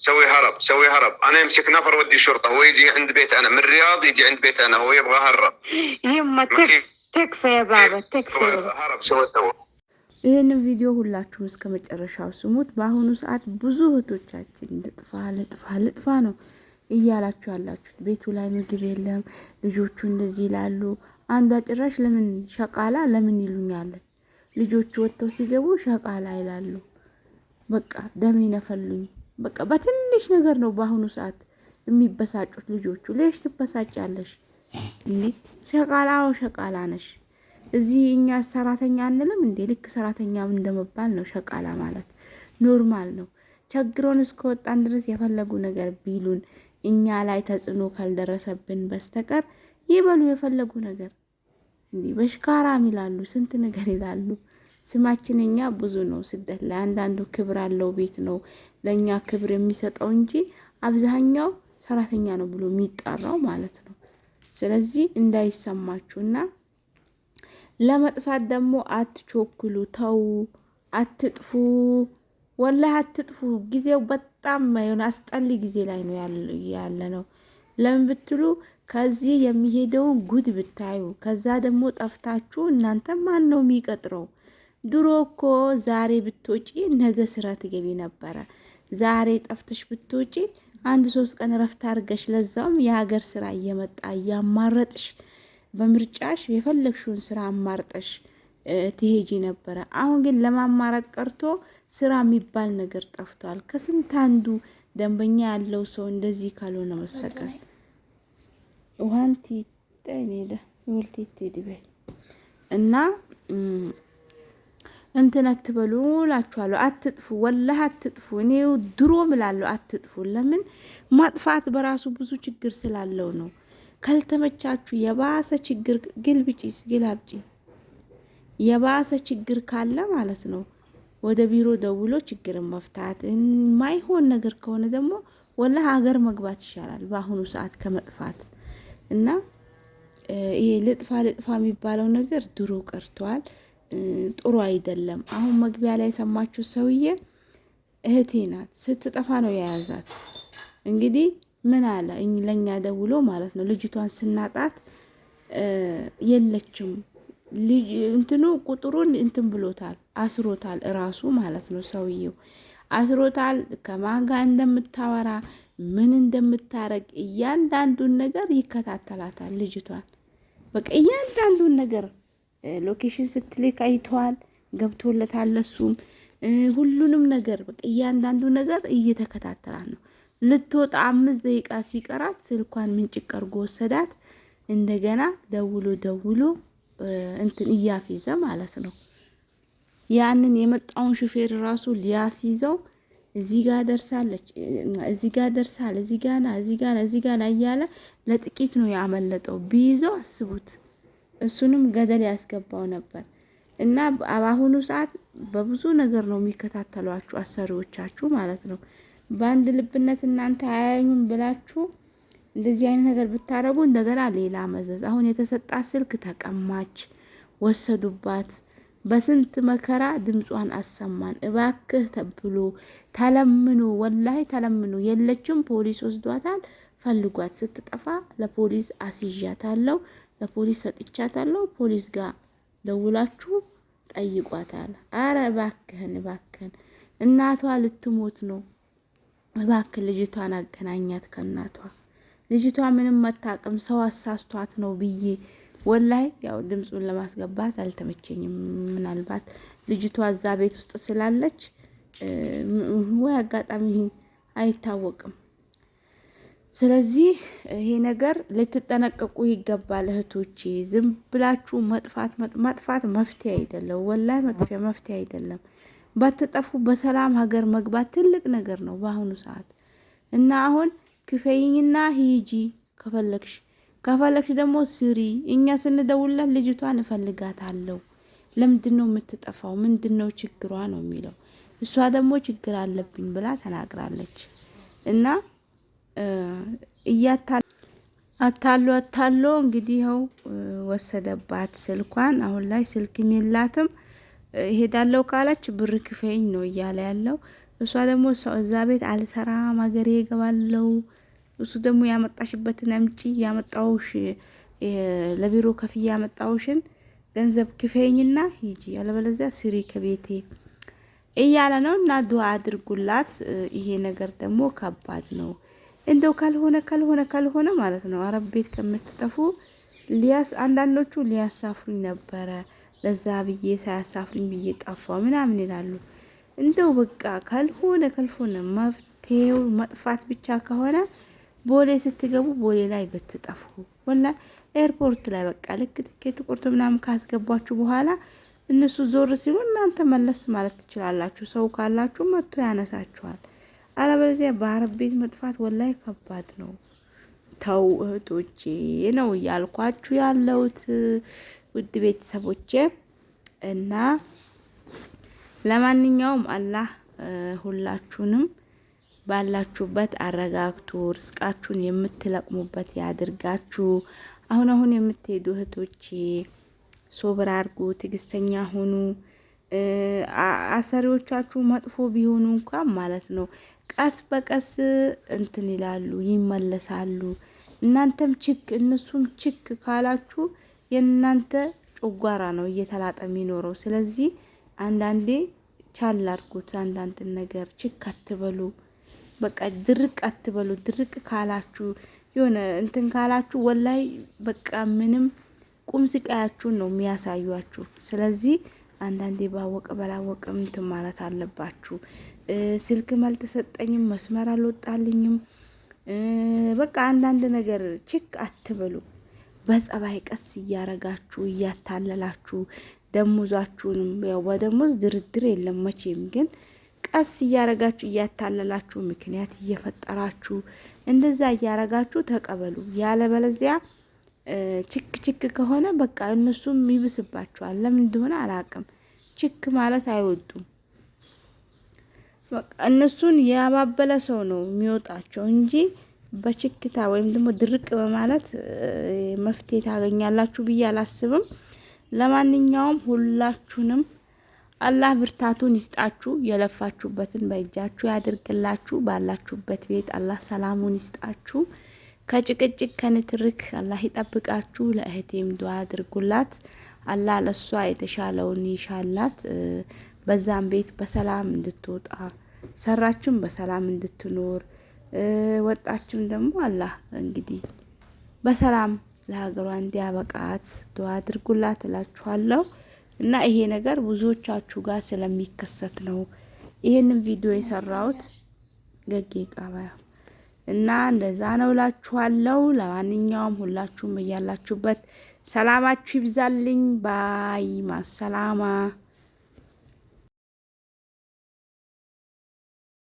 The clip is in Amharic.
سوي هرب سوي هرب انا امسك نفر ودي شرطه هو يجي عند بيت انا من الرياض يجي عند بيت انا هو يبغى هرب يما تكفى تكفى يا بابا تكفى هرب سويت ይህንን ቪዲዮ ሁላችሁም እስከ መጨረሻው ስሙት። በአሁኑ ሰዓት ብዙ እህቶቻችን ልጥፋ ልጥፋ ልጥፋ ነው እያላችሁ ያላችሁት። ቤቱ ላይ ምግብ የለም፣ ልጆቹ እንደዚህ ይላሉ። አንዷ ጭራሽ ለምን ሸቃላ ለምን ይሉኛለን፣ ልጆቹ ወጥተው ሲገቡ ሸቃላ ይላሉ። በቃ ደም ይነፈሉኝ በቃ በትንሽ ነገር ነው በአሁኑ ሰዓት የሚበሳጩት ልጆቹ። ሌሽ ትበሳጫለሽ እንዴ? ሸቃላ ሸቃላ ነሽ። እዚህ እኛ ሰራተኛ አንልም እንዴ? ልክ ሰራተኛ እንደመባል ነው ሸቃላ ማለት ኖርማል ነው። ቸግሮን እስከወጣን ድረስ የፈለጉ ነገር ቢሉን እኛ ላይ ተጽዕኖ ካልደረሰብን በስተቀር ይበሉ የፈለጉ ነገር እንዲህ በሽካራም ይላሉ፣ ስንት ነገር ይላሉ። ስማችን እኛ ብዙ ነው። ስደት ለአንዳንዱ ክብር አለው ቤት ነው ለእኛ ክብር የሚሰጠው እንጂ አብዛኛው ሰራተኛ ነው ብሎ የሚጠራው ማለት ነው። ስለዚህ እንዳይሰማችሁና ለመጥፋት ደግሞ አትቾክሉ። ተው፣ አትጥፉ፣ ወላህ አትጥፉ። ጊዜው በጣም የሆነ አስጠሊ ጊዜ ላይ ነው ያለ ነው። ለምን ብትሉ ከዚህ የሚሄደውን ጉድ ብታዩ፣ ከዛ ደግሞ ጠፍታችሁ እናንተ ማን ነው የሚቀጥረው? ድሮ እኮ ዛሬ ብትወጪ ነገ ስራ ትገቢ ነበረ። ዛሬ ጠፍተሽ ብትወጪ አንድ ሶስት ቀን ረፍት አድርገሽ ለዛውም የሀገር ስራ እየመጣ እያማረጥሽ በምርጫሽ የፈለግሽውን ስራ አማርጠሽ ትሄጂ ነበረ። አሁን ግን ለማማረጥ ቀርቶ ስራ የሚባል ነገር ጠፍቷል። ከስንት አንዱ ደንበኛ ያለው ሰው እንደዚህ ካልሆነ መስተቀር ውሀንቲ ጠኔደ ውልቲ እና እንትን አትበሉ እላችኋለሁ። አትጥፉ፣ ወላህ አትጥፉ። እኔ ድሮ ምላለሁ አትጥፉ። ለምን ማጥፋት በራሱ ብዙ ችግር ስላለው ነው። ካልተመቻችሁ የባሰ ችግር ግልብጪ ግላብጪ የባሰ ችግር ካለ ማለት ነው ወደ ቢሮ ደውሎ ችግርን መፍታት። የማይሆን ነገር ከሆነ ደግሞ ወላህ ሀገር መግባት ይሻላል በአሁኑ ሰዓት ከመጥፋት እና ይሄ ልጥፋ ልጥፋ የሚባለው ነገር ድሮ ቀርቷል። ጥሩ አይደለም። አሁን መግቢያ ላይ የሰማችሁ ሰውዬ እህቴ ናት ስትጠፋ ነው የያዛት። እንግዲህ ምን አለ ለእኛ ደውሎ ማለት ነው ልጅቷን ስናጣት የለችም እንትኑ ቁጥሩን እንትን ብሎታል አስሮታል፣ እራሱ ማለት ነው ሰውየው አስሮታል። ከማን ጋር እንደምታወራ ምን እንደምታረግ እያንዳንዱን ነገር ይከታተላታል ልጅቷን በቃ እያንዳንዱን ነገር ሎኬሽን ስትልክ አይተዋል፣ ገብቶለታል። እሱም ሁሉንም ነገር በቃ እያንዳንዱ ነገር እየተከታተላት ነው። ልትወጣ አምስት ደቂቃ ሲቀራት ስልኳን ምንጭ ቀርጎ ወሰዳት። እንደገና ደውሎ ደውሎ እንትን እያፌዘ ማለት ነው። ያንን የመጣውን ሹፌር ራሱ ሊያስይዘው እዚህ ጋር ደርሳለች፣ እዚህ ጋር ደርሳል፣ እዚህ ጋር ና፣ እዚህ ጋር ና፣ እዚህ ጋር ና እያለ ለጥቂት ነው ያመለጠው። ቢይዘው አስቡት። እሱንም ገደል ያስገባው ነበር እና በአሁኑ ሰዓት በብዙ ነገር ነው የሚከታተሏችሁ አሰሪዎቻችሁ ማለት ነው። በአንድ ልብነት እናንተ አያዩም ብላችሁ እንደዚህ አይነት ነገር ብታረጉ እንደገና ሌላ መዘዝ። አሁን የተሰጣት ስልክ ተቀማች፣ ወሰዱባት። በስንት መከራ ድምጿን አሰማን። እባክህ ተብሎ ተለምኑ፣ ወላይ ተለምኑ። የለችም፣ ፖሊስ ወስዷታል። ፈልጓት። ስትጠፋ ለፖሊስ አስይዣታለሁ ለፖሊስ ሰጥቻታለሁ። ፖሊስ ጋር ደውላችሁ ጠይቋታል። አረ እባክህን እባክህን እናቷ ልትሞት ነው። እባክህ ልጅቷን አገናኛት ከእናቷ ልጅቷ ምንም መታቅም ሰው አሳስቷት ነው ብዬ ወላይ ያው ድምፁን ለማስገባት አልተመቸኝም። ምናልባት ልጅቷ እዛ ቤት ውስጥ ስላለች ወይ አጋጣሚ አይታወቅም። ስለዚህ ይሄ ነገር ልትጠነቀቁ ይገባል እህቶቼ። ዝም ብላችሁ መጥፋት መጥፋት መፍትሄ አይደለም፣ ወላይ መጥፊያ መፍትሄ አይደለም። ባትጠፉ በሰላም ሀገር መግባት ትልቅ ነገር ነው በአሁኑ ሰዓት እና አሁን ክፈይኝና ሂጂ ከፈለግሽ ከፈለግሽ ደግሞ ስሪ። እኛ ስንደውልላት ልጅቷን እፈልጋታለሁ ለምንድን ነው የምትጠፋው? ምንድን ነው ችግሯ ነው የሚለው እሷ ደግሞ ችግር አለብኝ ብላ ተናግራለች እና እያታል አታሎ አታሎ እንግዲህ ይኸው ወሰደባት ስልኳን። አሁን ላይ ስልክም የላትም። እሄዳለሁ ካለች ብር ክፈኝ ነው እያለ ያለው። እሷ ደግሞ እዛ ቤት አልሰራም ሀገሬ እገባለሁ። እሱ ደግሞ ያመጣሽበትን አምጪ፣ ያመጣውሽ ለቢሮ ከፍዬ ያመጣውሽን ገንዘብ ክፈኝና ሂጂ፣ ያለበለዚያ ስሪ ከቤቴ እያለ ነው። እና ዱዓ አድርጉላት። ይሄ ነገር ደግሞ ከባድ ነው። እንደው ካልሆነ ካልሆነ ካልሆነ ማለት ነው አረብ ቤት ከምትጠፉ ሊያስ አንዳንዶቹ ሊያሳፍሩኝ ነበረ ለዛ ብዬ ሳያሳፍሩኝ ብዬ ጠፋ ምናምን ይላሉ። እንደው በቃ ካልሆነ ካልሆነ መፍትሄው መጥፋት ብቻ ከሆነ ቦሌ ስትገቡ ቦሌ ላይ ብትጠፉ ወላ ኤርፖርት ላይ በቃ ልክ ትኬት ቁርጥ ምናምን ካስገባችሁ በኋላ እነሱ ዞር ሲሉ እናንተ መለስ ማለት ትችላላችሁ። ሰው ካላችሁ መጥቶ ያነሳችኋል። አለበለዚያ በአረብ ቤት መጥፋት ወላይ ከባድ ነው። ተው እህቶቼ ነው እያልኳችሁ ያለሁት ውድ ቤተሰቦቼ እና ለማንኛውም አላህ ሁላችሁንም ባላችሁበት አረጋግቶ ርስቃችሁን የምትለቅሙበት ያድርጋችሁ። አሁን አሁን የምትሄዱ እህቶቼ ሶብር አርጉ፣ ትግስተኛ ሁኑ። አሰሪዎቻችሁ መጥፎ ቢሆኑ እንኳን ማለት ነው ቀስ በቀስ እንትን ይላሉ ይመለሳሉ። እናንተም ችክ እነሱም ችክ ካላችሁ የእናንተ ጨጓራ ነው እየተላጠ የሚኖረው። ስለዚህ አንዳንዴ ቻል አድርጉት። አንዳንድ ነገር ችክ አትበሉ። በቃ ድርቅ አትበሉ። ድርቅ ካላችሁ የሆነ እንትን ካላችሁ ወላይ በቃ ምንም ቁም ስቃያችሁን ነው የሚያሳዩችሁ። ስለዚህ አንዳንዴ ባወቀ በላወቅም እንትን ማለት አለባችሁ። ስልክም አልተሰጠኝም፣ መስመር አልወጣልኝም፣ በቃ አንዳንድ ነገር ችክ አትበሉ። በጸባይ ቀስ እያረጋችሁ እያታለላችሁ ደሞዛችሁንም ያው በደሞዝ ድርድር የለም መቼም ግን ቀስ እያረጋችሁ እያታለላችሁ ምክንያት እየፈጠራችሁ እንደዛ እያረጋችሁ ተቀበሉ። ያለበለዚያ ችክ ችክ ከሆነ በቃ እነሱም ይብስባቸዋል። ለምን እንደሆነ አላቅም። ችክ ማለት አይወጡም። በቃ እነሱን ያባበለ ሰው ነው የሚወጣቸው እንጂ በችክታ ወይም ደግሞ ድርቅ በማለት መፍትሄ ታገኛላችሁ ብዬ አላስብም። ለማንኛውም ሁላችሁንም አላህ ብርታቱን ይስጣችሁ፣ የለፋችሁበትን በእጃችሁ ያድርግላችሁ። ባላችሁበት ቤት አላህ ሰላሙን ይስጣችሁ። ከጭቅጭቅ ከንትርክ አላህ ይጠብቃችሁ። ለእህቴም ዱዓ አድርጉላት። አላህ ለእሷ የተሻለውን ይሻላት። በዛም ቤት በሰላም እንድትወጣ ሰራችሁም በሰላም እንድትኖር ወጣችሁም ደግሞ አላህ እንግዲህ በሰላም ለሀገሯ እንዲያበቃት ዱዓ አድርጉላት እላችኋለሁ። እና ይሄ ነገር ብዙዎቻችሁ ጋር ስለሚከሰት ነው ይህንን ቪዲዮ የሰራሁት ገጌ ቃባያ እና እንደዛ ነው እላችኋለሁ። ለማንኛውም ሁላችሁም እያላችሁበት ሰላማችሁ ይብዛልኝ። ባይ ማሰላማ